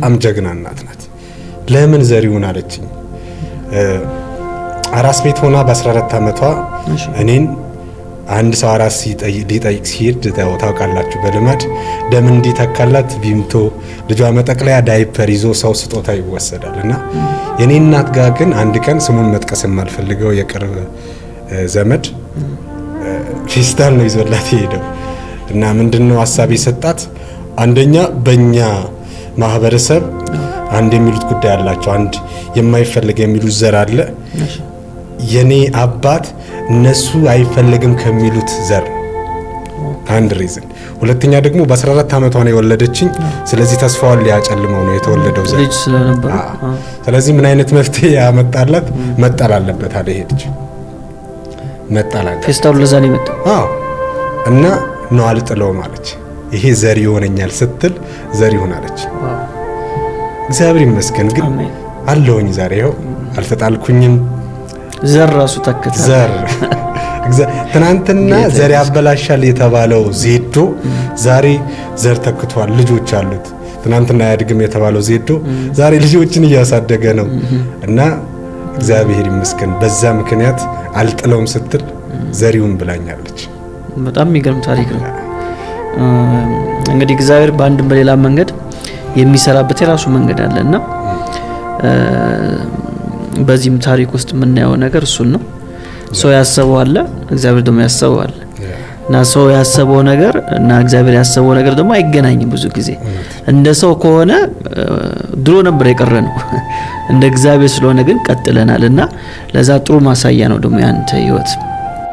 በጣም ጀግና እናት ናት። ለምን ዘሪሁን አለችኝ። አራስ ቤት ሆና በ14 ዓመቷ እኔን አንድ ሰው አራስ ሊጠይቅ ሲሄድ ታውቃላችሁ፣ በልማድ ደም እንዲተካላት ቢምቶ ልጇ መጠቅለያ ዳይፐር ይዞ ሰው ስጦታ ይወሰዳል እና የኔ እናት ጋር ግን አንድ ቀን ስሙን መጥቀስ የማልፈልገው የቅርብ ዘመድ ፌስታል ነው ይዞላት የሄደው እና ምንድነው ሀሳብ የሰጣት አንደኛ በእኛ ማህበረሰብ አንድ የሚሉት ጉዳይ አላቸው። አንድ የማይፈለግ የሚሉት ዘር አለ። የኔ አባት እነሱ አይፈለግም ከሚሉት ዘር አንድ ሪዝን። ሁለተኛ ደግሞ በ14 ዓመቷ ነው የወለደችኝ። ስለዚህ ተስፋዋን ሊያጨልመው ነው የተወለደው ዘር። ስለዚህ ምን አይነት መፍትሄ ያመጣላት? መጣል አለበት አለ። ይሄ ልጅ መጣል አለበት። ፌስታሉ ለዛ ነው የመጣው እና ነው አልጥለውም አለች። ይሄ ዘር ይሆነኛል ስትል ዘር ይሆናለች። እግዚአብሔር ይመስገን ግን አለውኝ ዛሬ ይኸው አልተጣልኩኝም። ዘር ራሱ ተክተ ዘር ትናንትና ዘር ያበላሻል የተባለው ዜዶ ዛሬ ዘር ተክቷል፣ ልጆች አሉት። ትናንትና አያድግም የተባለው ዜዶ ዛሬ ልጆችን እያሳደገ ነው እና እግዚአብሔር ይመስገን በዛ ምክንያት አልጥለውም ስትል ዘሪውን ብላኛለች። በጣም የሚገርም ታሪክ ነው። እንግዲህ እግዚአብሔር በአንድም በሌላ መንገድ የሚሰራበት የራሱ መንገድ አለ እና በዚህም ታሪክ ውስጥ የምናየው ነገር እሱን ነው። ሰው ያሰበው አለ፣ እግዚአብሔር ደግሞ ያሰበው አለ እና ሰው ያሰበው ነገር እና እግዚአብሔር ያሰበው ነገር ደግሞ አይገናኝም። ብዙ ጊዜ እንደ ሰው ከሆነ ድሮ ነበር የቀረ ነው፣ እንደ እግዚአብሔር ስለሆነ ግን ቀጥለናል እና ለዛ ጥሩ ማሳያ ነው ደግሞ ያንተ ህይወት